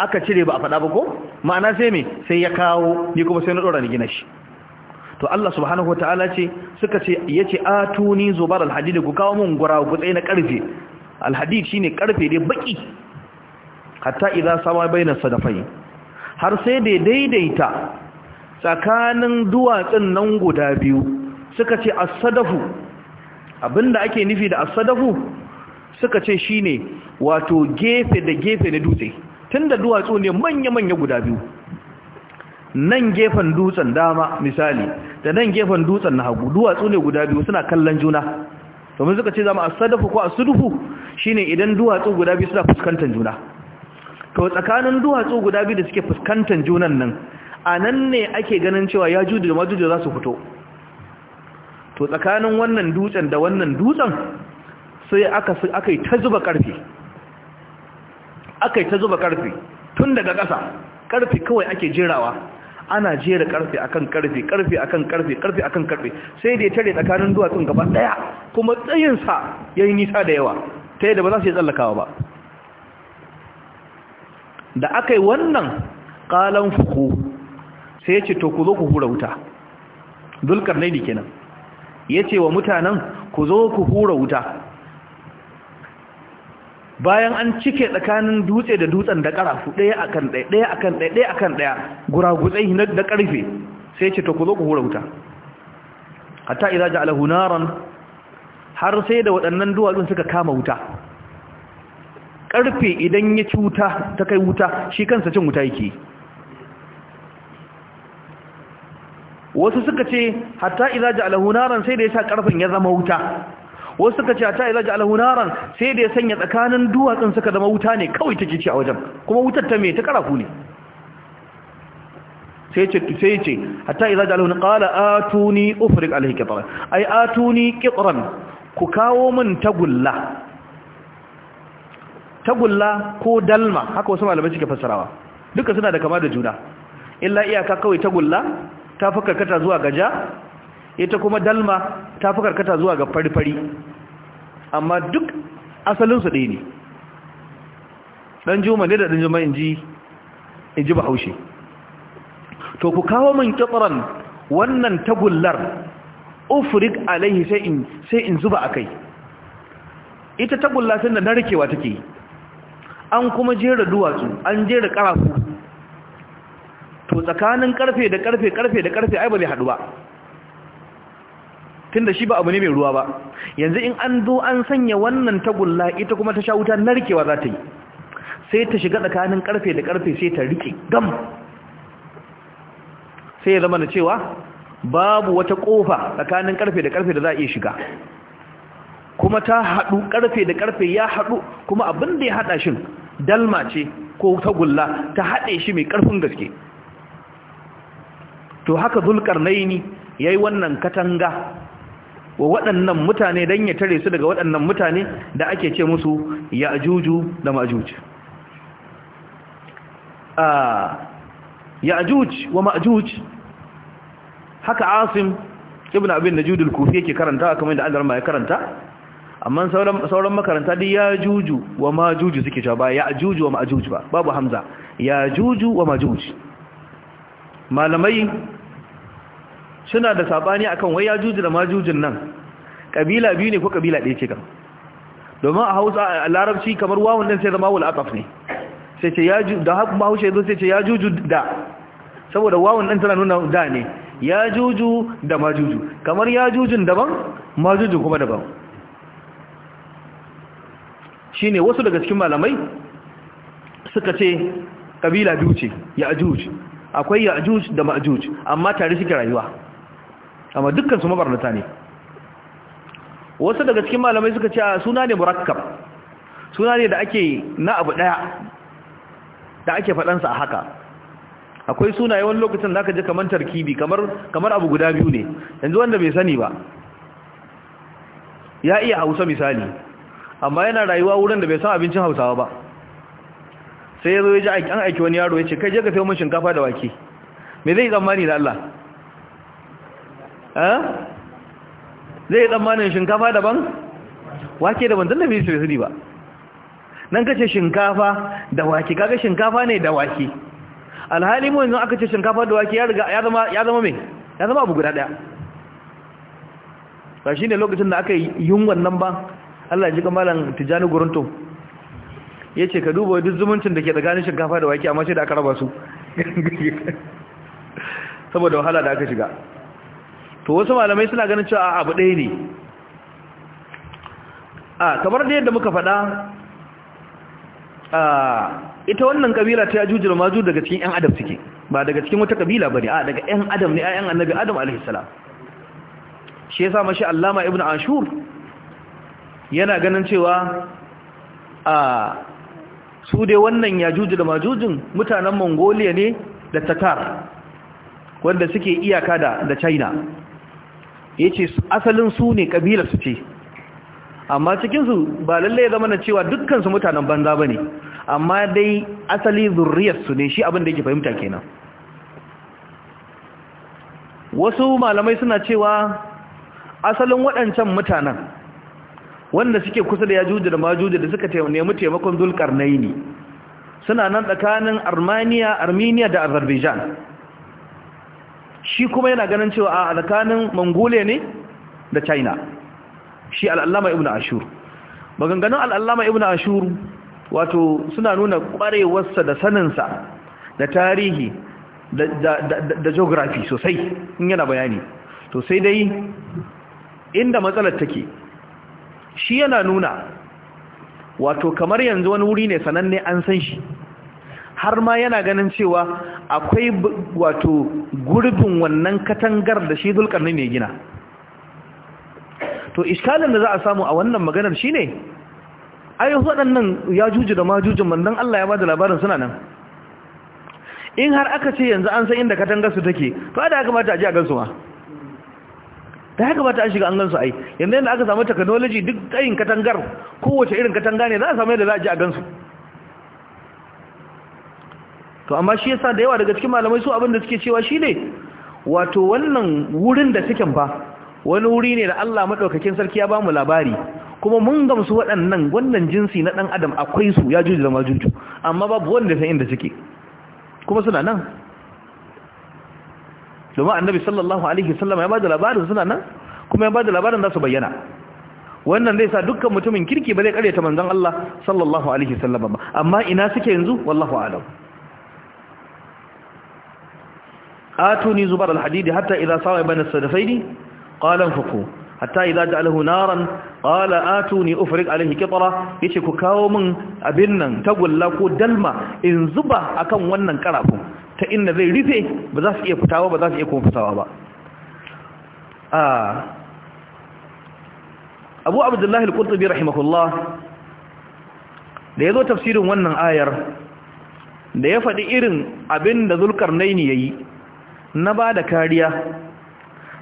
aka cire ba a faɗa ba ko ma'ana sai me sai ya kawo ni kuma sai na tsora na gina shi to Allah subhanahu wataala ce suka ce yace tuni zubar alhadid ku kawo mun gura ku tsaye na karfe alhadid shine karfe dai baki hatta idza sama baina sadafai har sai dai-dai-dai daidaita tsakanin duwatsun nan guda biyu suka ce asadafu abinda ake nufi da asadafu suka ce shine wato gefe da gefe na dutse tunda duwatsu ne manya-manya guda biyu nan gefen dutsen dama misali da nan gefen dutsen na hagu duwatsu ne guda biyu suna kallon juna domin suka ce zama asadafu ko asudufu shine idan duwatsu guda biyu suna fuskantar juna to tsakanin duwatsu guda biyu da suke fuskantar junan nan a nan ne ake ganin cewa ya juju da majuju za su fito to tsakanin wannan dutsen da wannan dutsen sai aka aka yi ta zuba karfi aka yi ta zuba karfi tun daga ƙasa karfi kawai ake jerawa ana jera ƙarfi akan karfe karfe akan ƙarfi karfe akan ƙarfi sai da ya tare tsakanin duwatsun gaba daya kuma tsayinsa ya yi nisa da yawa ta yadda ba za su yi tsallakawa ba da aka yi wannan kalan fuku sai ce to ku zo ku hura wuta Dulkar zulkarnaini kenan ya ce wa mutanen ku zo ku hura wuta bayan an cike tsakanin dutse da dutsen da karafu ɗaya akan ɗaya ɗaya akan ɗaya ɗaya akan ɗaya guragutsai na da ƙarfe sai ce to ku zo ku hura wuta hatta idza ja'alahu naran har sai da waɗannan duwatsun suka kama wuta ƙarfe idan ya ci wuta ta kai wuta shi kansa cin wuta yake yi wasu suka ce hatta idza ja'alahu naran sai da ya sa karfin ya zama wuta wasu suka ce hatta idza ja'alahu naran sai da ya sanya tsakanin duwatsun suka zama wuta ne kawai take ci a wajen kuma wutar ta me ta karafu ne sai ce sai ce hatta idza ja'alahu qala atuni ufrik alayhi qitran ay atuni qitran ku kawo min tagulla tagulla ko dalma haka wasu malamai suke fassarawa duka suna da kama da juna illa iyaka kawai tagulla ta fi karkata zuwa ga ja ita kuma dalma ta fi karkata zuwa ga fari-fari amma duk asalinsu ɗaya ne ɗan juma ne da ɗan juma in ji bahaushe to ku kawo min kitsaran wannan tagullar ufurik alaihi sai in zuba a kai ita tagulla sun da narkewa take an kuma jera duwatsu an jera ƙarafu to tsakanin karfe da karfe karfe da karfe ai ba zai haɗu ba Tunda shi ba abu ne mai ruwa ba yanzu in an zo an sanya wannan tagulla ita kuma ta sha wuta narkewa za ta yi sai ta shiga tsakanin karfe da karfe sai ta rike gam sai ya zama da cewa babu wata kofa tsakanin karfe da karfe da za a iya shiga kuma ta haɗu karfe da karfe ya haɗu kuma abin da ya haɗa shin dalma ce ko tagulla ta haɗe shi mai ƙarfin gaske to haka Zulkar ya yi wannan katanga wa waɗannan mutane don ya tare su daga waɗannan mutane da ake ce musu juju da ma'juj a juji wa ma'juj haka asim ibn abin da judul kufi yake karanta kamar da Allah ya karanta amma sauran makaranta dai juju wa ma'juj suke cewa ba juju wa ma'juj ba babu hamza juju wa ma'juj malamai suna da sabani akan wai ya juji da majujin nan kabila biyu ne ko kabila ɗaya ce kan domin a hausa a larabci kamar wawun nan sai zama wal ataf ne sai ce ya da haku bahaushe zo sai ce ya juju da saboda wawun nan tana nuna da ne ya juju da majuju kamar ya jujun daban majujun kuma daban shine wasu daga cikin malamai suka ce kabila biyu ce ya juju akwai ya'juj da ma'juj amma tare suke rayuwa amma dukkan su mabarnata ne wasu daga cikin malamai suka ce suna ne murakkab suna ne da ake na abu daya da ake faɗansa a haka akwai sunaye wani lokacin da aka ji kamar tarkibi kamar abu guda biyu ne yanzu wanda bai sani ba ya iya hausa misali amma yana rayuwa wurin da bai san abincin hausawa ba sai ya zo ya ji an aiki wani yaro ya ce kai je ka sayo mun shinkafa da wake me zai tsammani da Allah eh zai tsammanin shinkafa daban wake daban dan nabi sai sani ba nan kace shinkafa da wake kaga shinkafa ne da wake alhali mu yanzu aka ce shinkafa da wake ya riga ya zama ya zama me ya zama abu guda daya ba shine lokacin da aka yi yunwan nan ba Allah ya ji kamalan tijani gurunto ya ce ka duba duk zumuncin da ke tsakanin shinkafa da wake amma shi da aka raba su saboda wahala da aka shiga to wasu malamai suna ganin cewa abu ɗaya ne a kamar da yadda muka faɗa ita wannan kabila ta yajuju da maju daga cikin 'yan adam suke ba daga cikin wata kabila ba ne a daga 'yan adam ne a 'yan annabi adam alaihissalam shi ya sa mashi allama ibn ashur yana ganin cewa a su dai wannan yajuju da majujin mutanen mongoliya ne da tatar wanda suke iyaka da china ya ce asalin su ne kabilar su ce amma cikinsu ba lallai zama na cewa dukkansu mutanen banza ba ne amma dai asali zurriyarsu ne shi abinda yake fahimta kenan wasu malamai suna cewa asalin waɗancan mutanen wanda suke kusa da yajuji da majuji da suka nemi taimakon naini suna nan tsakanin armenia armenia da azerbaijan shi kuma yana ganin cewa a tsakanin mongolia ne da china shi al'allama ibn ashur maganganun al'allama ibn ashur wato suna nuna kwarewarsa da saninsa da tarihi da geography sosai in yana bayani to sai dai inda matsalar take shi yana nuna wato kamar yanzu wani wuri ne sananne an san shi har ma yana ganin cewa akwai wato gurbin wannan katangar da shi zulkarni ne gina to iskalin da za a samu a wannan maganar shi ne ayi waɗannan ya juji da majujin mandan Allah ya bada labarin suna nan in har aka ce yanzu an san inda katangar su take to da aka mata a ji a gansu ma da haka ba ta shiga an gansu ai yanzu yadda aka samu technology duk tsayin katangar kowace irin katanga ne za a samu yadda za a ji a gansu to amma shi yasa da yawa daga cikin malamai su abin da suke cewa shi ne wato wannan wurin da suke ba wani wuri ne da Allah madaukakin sarki ya ba mu labari kuma mun gamsu waɗannan wannan jinsi na ɗan adam akwai su ya juji da amma babu wanda san inda suke kuma suna nan domin annabi sallallahu alaihi wasallam ya bada labarin suna nan kuma ya bada labarin za su bayyana wannan zai sa dukkan mutumin kirki ba zai karyata manzon Allah sallallahu alaihi wasallam ba amma ina suke yanzu wallahu a'lam atuni zubar alhadid hatta idha sawa bayna as-sadafaini qala anfuqu hatta idza ja'alahu naran qala atuni ufriq alayhi qitra yace ku kawo min abin nan tagulla ko dalma in zuba akan wannan karafin ta inda zai rufe ba za su iya fitawa ba za su iya kuma fitawa ba abu abdullahi al-qurtubi rahimahullah da ya zo tafsirin wannan ayar da ya faɗi irin abin da ya yi na ba da kariya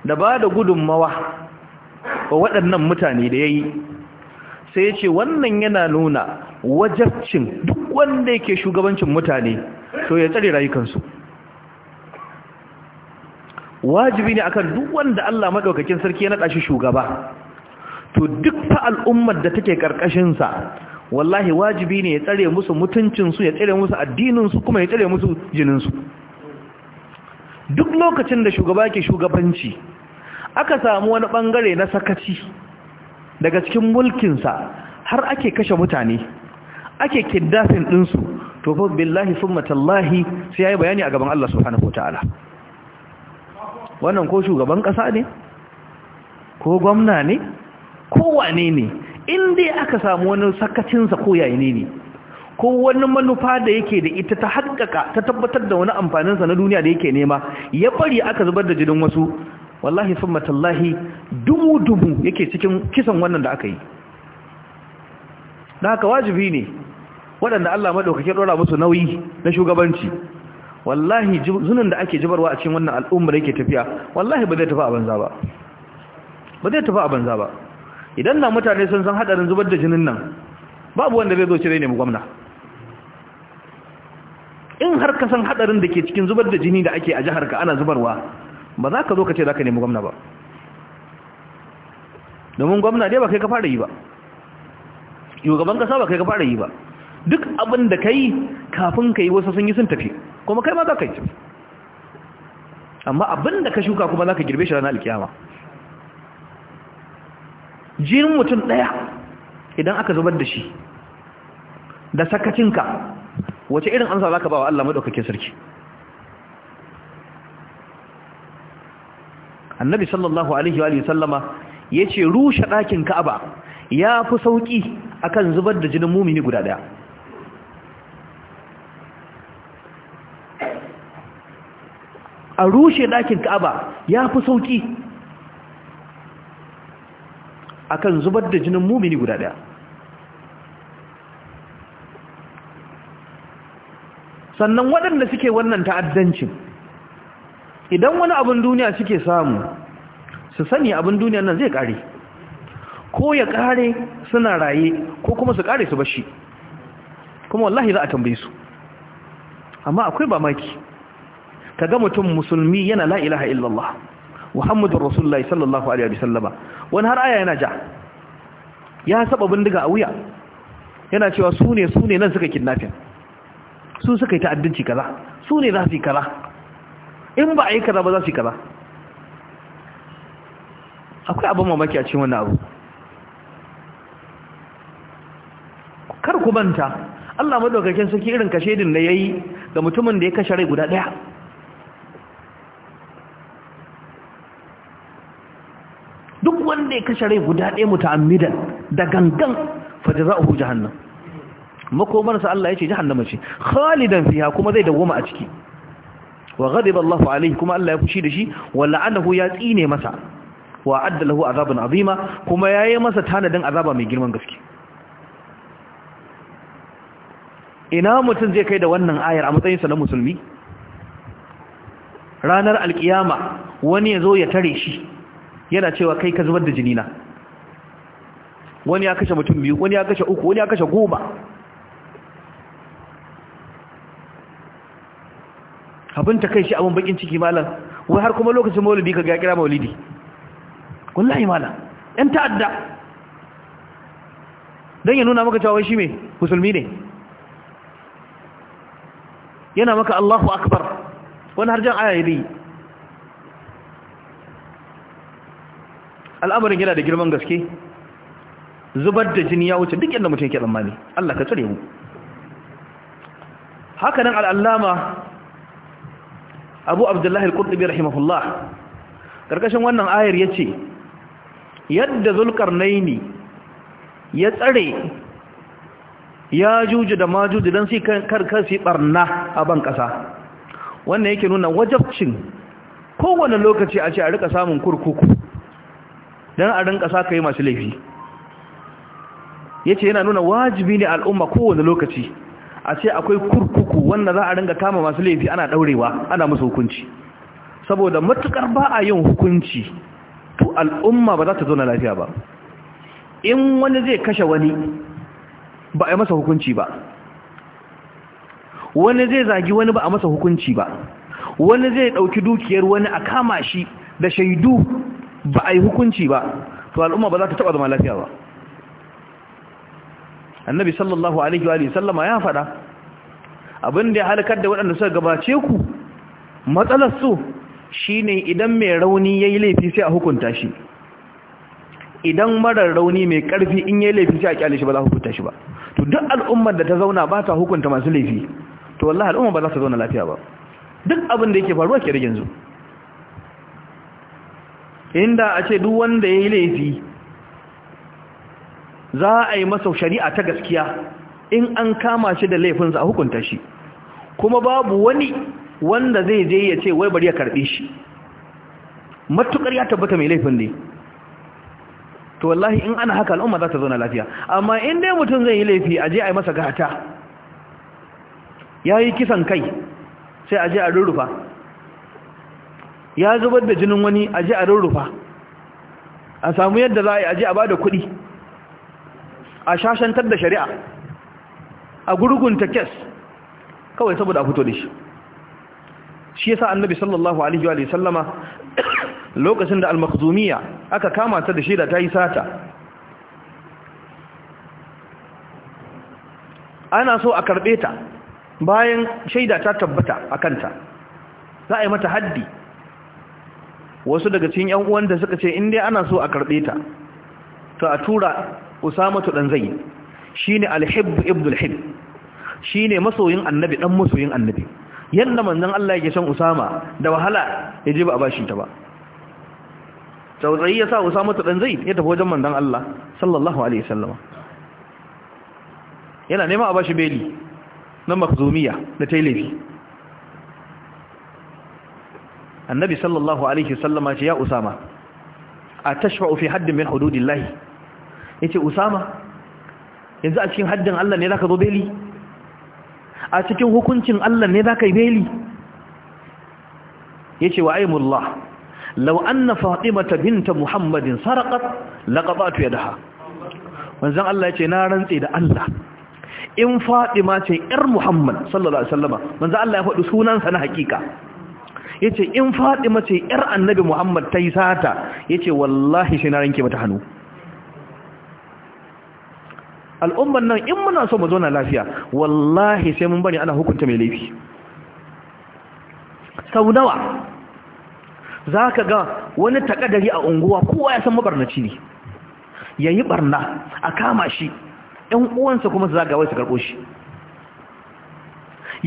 da ba da gudunmawa wa waɗannan mutane da ya yi, sai ya ce wannan yana nuna wajabcin duk wanda yake shugabancin mutane to ya tsare rayukansu wajibi ne akan duk wanda Allah madaukakin sarki ya naɗa shi shugaba to duk fa al'ummar da take karkashin sa wallahi wajibi ne ya tsare musu mutuncinsu ya tsare musu addinin su kuma ya tsare musu su duk lokacin da shugaba ke shugabanci aka samu wani bangare na sakaci daga cikin mulkin sa, har ake kashe mutane ake kiddafin su. to fa billahi summa tallahi sai yayi bayani a gaban Allah subhanahu wataala wannan ko shugaban kasa ne ko gwamna ne ko wane ne in dai aka samu wani sakacinsa ko yayi ne ko wani manufa da yake da ita ta haƙƙaƙa ta tabbatar da wani amfanin sa na duniya da yake nema ya bari aka zubar da jinin wasu wallahi sun tallahi dubu dubu yake cikin kisan wannan da aka yi da haka wajibi ne waɗanda Allah maɗaukakin ɗora musu nauyi na shugabanci wallahi zunin da ake jibarwa a cikin wannan al'ummar yake tafiya wallahi ba zai tafi a banza ba ba zai tafi a banza ba idan na mutane sun san haɗarin zubar da jinin nan babu wanda zai zo cire ne mu gwamna in har ka san haɗarin da ke cikin zubar da jini da ake a jihar ka ana zubarwa ba za ka zo ka ce za ka nemi gwamna ba domin gwamna dai ba kai ka fara yi ba shugaban ƙasa ba kai ka fara yi ba duk abin da ka yi kafin ka yi wasu sun yi sun tafi kuma kai ma za ka yi amma abin da ka shuka kuma za ka girbe shi ranar alkiyama jinin mutum ɗaya idan aka zubar da shi da sakacinka wace irin amsa za ka ba wa Allah maɗaukakin sarki annabi sallallahu alaihi wa sallama ya ce rushe ɗakin ka'aba ya fi sauƙi akan zubar da jinin mumini guda ɗaya a rushe ɗakin ka'aba ya fi sauƙi akan zubar da jinin mumini guda ɗaya sannan waɗanda suke wannan ta'addancin idan wani abin duniya suke samu su sani abin duniya nan zai ƙare ko ya ƙare suna raye ko kuma su ƙare su bashi kuma wallahi za a tambaye su amma akwai ba maki ga mutum musulmi yana la ilaha illallah muhammadur rasulullahi sallallahu alaihi wa sallama. wani har aya yana ja ya saba bindiga a wuya yana cewa su ne su ne nan suka kidnapping su suka yi ta'addanci kaza su ne za su yi kaza in ba a yi kaza ba za su yi kaza akwai abin mamaki a cikin wannan abu kar ku banta Allah madaukakin sarki irin kashedin da yayi ga mutumin da ya kashe rai guda daya zai kashe rai guda ɗaya muta'ammidan da gangan fa jazaohu jahannam makomar sa Allah yace jahannama ce khalidan fiha kuma zai dawoma a ciki wa ghadiba Allahu alayhi kuma Allah ya fushi da shi wa la'anahu ya tsine masa wa adda lahu azaban azima kuma ya yi masa tanadin azaba mai girman gaske ina mutum zai kai da wannan ayar a matsayinsa na musulmi ranar alkiyama wani ya zo ya tare shi yana cewa kai ka zubar da jini na wani ya kashe mutum biyu wani ya kashe uku wani ya kashe goma abin ta kai shi abin bakin ciki malam wai har kuma lokacin maulidi ka ga kira maulidi wallahi malam yan ta'adda don ya nuna maka cewa shi mai musulmi ne yana maka Allahu akbar wani har jan aya al'amarin yana da girman gaske zubar da jini ya wuce duk yadda mutum yake tsammani Allah ka tsare mu haka nan al'allama abu abdullahi al-qurtubi rahimahullah karkashin wannan ayar ce, yadda naini ya tsare ya juju da majuju don su karkasi barna a ban kasa wannan yake nuna wajabcin kowane lokaci a ce a rika samun kurkuku don a rinka sa yi masu laifi ya ce yana nuna wajibi ne al'umma kowane lokaci a ce akwai kurkuku wanda za a ringa kama masu laifi ana daurewa ana musu hukunci saboda matukar ba a yin hukunci to al'umma ba za ta zauna lafiya ba in wani zai kashe wani ba a masa hukunci ba wani zai zagi wani ba a masa hukunci ba wani zai ɗauki dukiyar wani a kama shi da shaidu ba a yi hukunci ba to al'umma ba za ta taba zama lafiya ba annabi sallallahu alaihi wa sallama ya faɗa abin da ya halakar da waɗanda suka gabace ku matsalar su shine idan mai rauni yayi laifi sai a hukunta shi idan marar rauni mai karfi in yayi laifi sai a kyale shi ba za a hukunta shi ba to duk al'ummar da ta zauna ba ta hukunta masu laifi to wallahi al'umma ba za ta zauna lafiya ba duk abin da yake faruwa ke zuwa inda a ce duk wanda ya yi laifi za a yi masa shari'a ta gaskiya in an kama shi da laifinsa a hukunta shi kuma babu wani wanda zai je ya ce wai bari ya karɓi shi matukar ya tabbata mai laifin ne to wallahi in ana haka al'umma za ta zauna lafiya amma in dai mutum zai yi laifi a je a yi masa gata ya yi kisan kai sai a je a rurrufa ya zubar da jinin wani a ji a rurrufa a samu yadda za a yi a ji a ba da kuɗi a shashantar da shari'a a gurgunta kes kawai saboda a fito da shi shi yasa annabi sallallahu alaihi wa sallama lokacin da al aka kama ta da shaida ta yi sata ana so a karbe ta bayan shaida ta tabbata a kanta za a yi mata haddi wasu daga cikin yan uwan da suka ce in dai ana so a karbe ta to a tura usama to dan zai shine Alhib ibn al shine masoyin annabi dan masoyin annabi yanda manzon Allah yake son usama da wahala yaje ba a bashi ta ba tsautsayi ya sa usama to dan zai ya tafi wajen manzon Allah sallallahu alaihi wasallam yana nema a bashi beli na makzumiya da tailafi annabi sallallahu alaihi sallama ce ya usama a tashfa'u fi haddin min hududillahi yace usama yanzu a cikin haddin Allah ne zaka zo beli a cikin hukuncin Allah ne zaka yi beli yace wa aymullah law anna fatimata binta muhammadin sarqat laqatatu yadaha wanzan Allah yace na rantse da Allah in fatima ce yar muhammad sallallahu alaihi wasallama manzo Allah ya faɗi sunansa na hakika Ya ce in faɗi mace yar Annabi Muhammad ta yi sata ya ce wallahi shi na ranke mata hannu al'umman nan in muna so mu zo na lafiya wallahi sai mun bari ana hukunta mai laifi sau nawa za ka ga wani takadari a unguwa kowa ya san mabarnaci ne ya yi barna a kama shi ‘yan uwansa kuma su zagawai su karɓo shi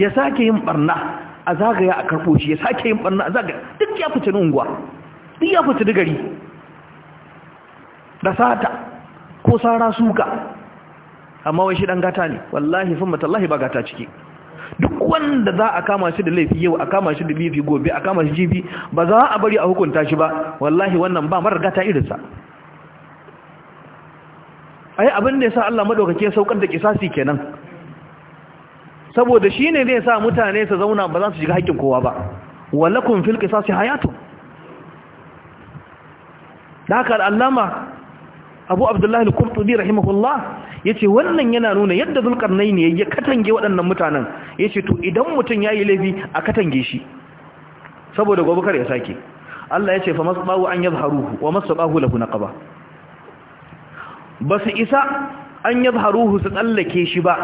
ya sake yin barna a zagaya a karɓo shi ya sake yin ɓarna a zagaya duk ya fita unguwa duk ya fita da gari da sata ko sara suka amma wai shi ɗan gata ne wallahi sun matallahi ba gata ciki duk wanda za a kama shi da laifi yau a kama shi da laifi gobe a kama shi jibi ba za a bari a hukunta shi ba wallahi wannan ba mara gata irinsa ai abin da ya sa Allah madaukake saukar da kisasi kenan saboda shi ne zai sa mutane su zauna ba za su shiga haƙƙin kowa ba wallakun sa su hayatu da haka al'allama abu abdullahi al-qurtubi rahimahullah ce wannan yana nuna yadda zulkar nai ne ya katange waɗannan mutanen Ya ce to idan mutum ya yi laifi a katange shi saboda gobe kar ya sake Allah yace fa masu an yadhharuhu wa na ƙaba ba basu isa an haruhu su tsallake shi ba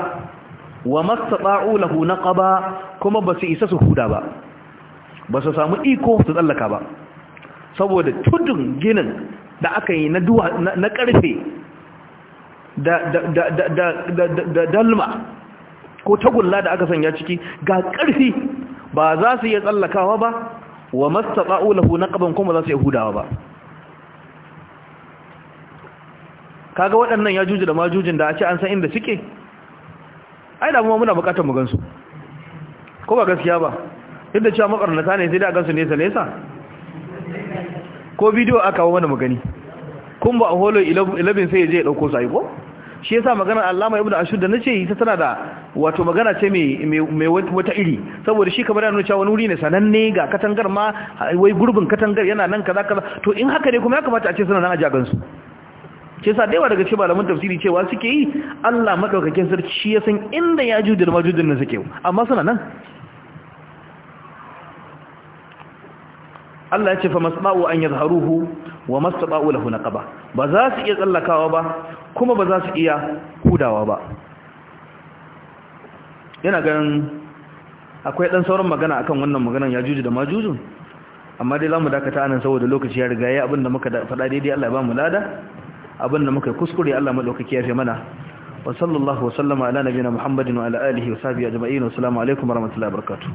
wa mastata'u lahu naqaba kuma basu isa su huda ba basu samu iko su tsallaka ba saboda tudun ginin da aka yi na duwa na karfe da da da da da dalma ko tagulla da aka sanya ciki ga karfi ba za su iya tsallakawa ba wa mastata'u lahu naqaban kuma za su iya hudawa ba kaga waɗannan ya juji da majujin da a ce an san inda suke ai da mu muna bukatar mu gansu ko ba gaskiya ba duk cewa makarnata ne sai da gansu nesa nesa ko bidiyo aka wa mana mu gani kun ba a holo 11 sai ya je ya dauko sai ko shi yasa maganar Allama Ibn Ashur da nace ita tana da wato magana ce mai mai wata iri saboda shi kamar yana cewa wani wuri ne sananne ga katangar ma wai gurbin katangar yana nan kaza kaza to in haka ne kuma ya kamata a ce suna nan a ja gansu Ke sa daiwa daga cikin malamin tafsiri cewa suke yi Allah madaukakin sarki shi ya san inda ya jude da majudin nan suke amma suna nan Allah ya ce fa masba'u an yadhharuhu wa masba'u lahu naqaba ba za su iya tsallakawa ba kuma ba za su iya hudawa ba yana ganin akwai dan sauran magana akan wannan maganar ya juju da majudin amma dai zamu dakata anan saboda lokaci ya riga yayi abinda muka faɗa daidai Allah ya ba mu lada abin da muka kuskure Allah madaukaki ya fi mana wa sallallahu wa sallama ala nabiyina muhammadin wa ala alihi wa sahbihi ajma'in wa assalamu alaikum wa rahmatullahi wa